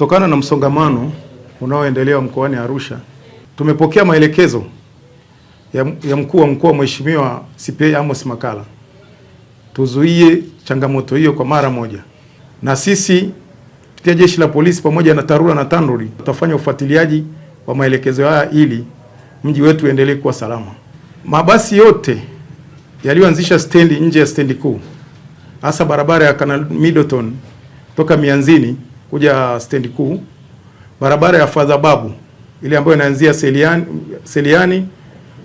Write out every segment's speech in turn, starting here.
Kutokana na msongamano unaoendelea mkoani Arusha, tumepokea maelekezo ya, ya mkuu wa mkoa Mheshimiwa CPA Amos makala tuzuie changamoto hiyo kwa mara moja, na sisi kupitia jeshi la polisi pamoja na TARURA na TANROADS tutafanya ufuatiliaji wa maelekezo haya ili mji wetu uendelee kuwa salama. Mabasi yote yaliyoanzisha stendi nje ya stendi kuu hasa barabara ya Canal Middleton toka Mianzini kuja stendi kuu, barabara ya Fadha Babu ile ambayo inaanzia Seliani, Seliani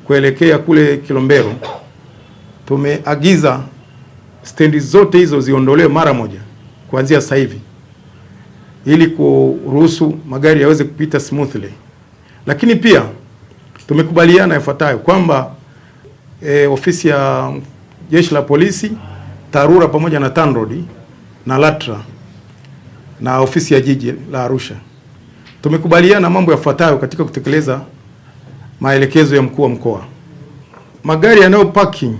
kuelekea kule Kilombero, tumeagiza stendi zote hizo ziondolewe mara moja kuanzia sasa hivi ili kuruhusu magari yaweze kupita smoothly. Lakini pia tumekubaliana ifuatayo kwamba e, ofisi ya jeshi la polisi, TARURA pamoja na TANROADS na LATRA na ofisi ya jiji la Arusha tumekubaliana mambo yafuatayo katika kutekeleza maelekezo ya mkuu wa mkoa. Magari yanayo parking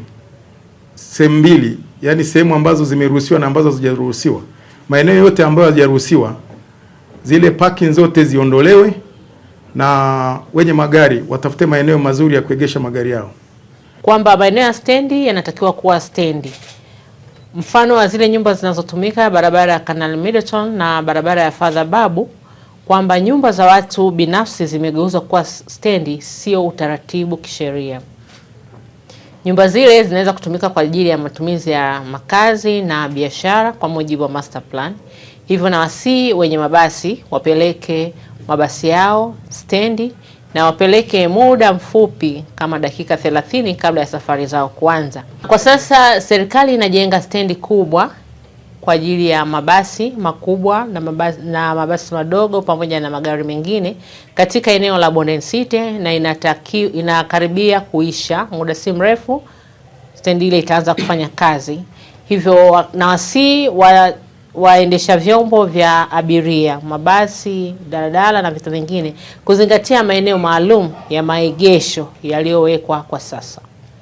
sehemu mbili, yaani sehemu ambazo zimeruhusiwa na ambazo hazijaruhusiwa, maeneo yote ambayo hazijaruhusiwa, zile parking zote ziondolewe na wenye magari watafute maeneo mazuri ya kuegesha magari yao, kwamba maeneo ya stendi yanatakiwa kuwa stendi mfano wa zile nyumba zinazotumika barabara ya Canal Middleton na barabara ya Father Babu kwamba nyumba za watu binafsi zimegeuzwa kuwa stendi, sio utaratibu kisheria. Nyumba zile zinaweza kutumika kwa ajili ya matumizi ya makazi na biashara kwa mujibu wa master plan. Hivyo na wasii wenye mabasi wapeleke mabasi yao stendi na wapeleke muda mfupi kama dakika 30 kabla ya safari zao kuanza. Kwa sasa serikali inajenga stendi kubwa kwa ajili ya mabasi makubwa na mabasi, na mabasi madogo pamoja na magari mengine katika eneo la Bondensite na inataki, inakaribia kuisha. Muda si mrefu stendi ile itaanza kufanya kazi, hivyo nawasii wa waendesha vyombo vya abiria, mabasi, daladala na vitu vingine kuzingatia maeneo maalum ya maegesho yaliyowekwa kwa sasa.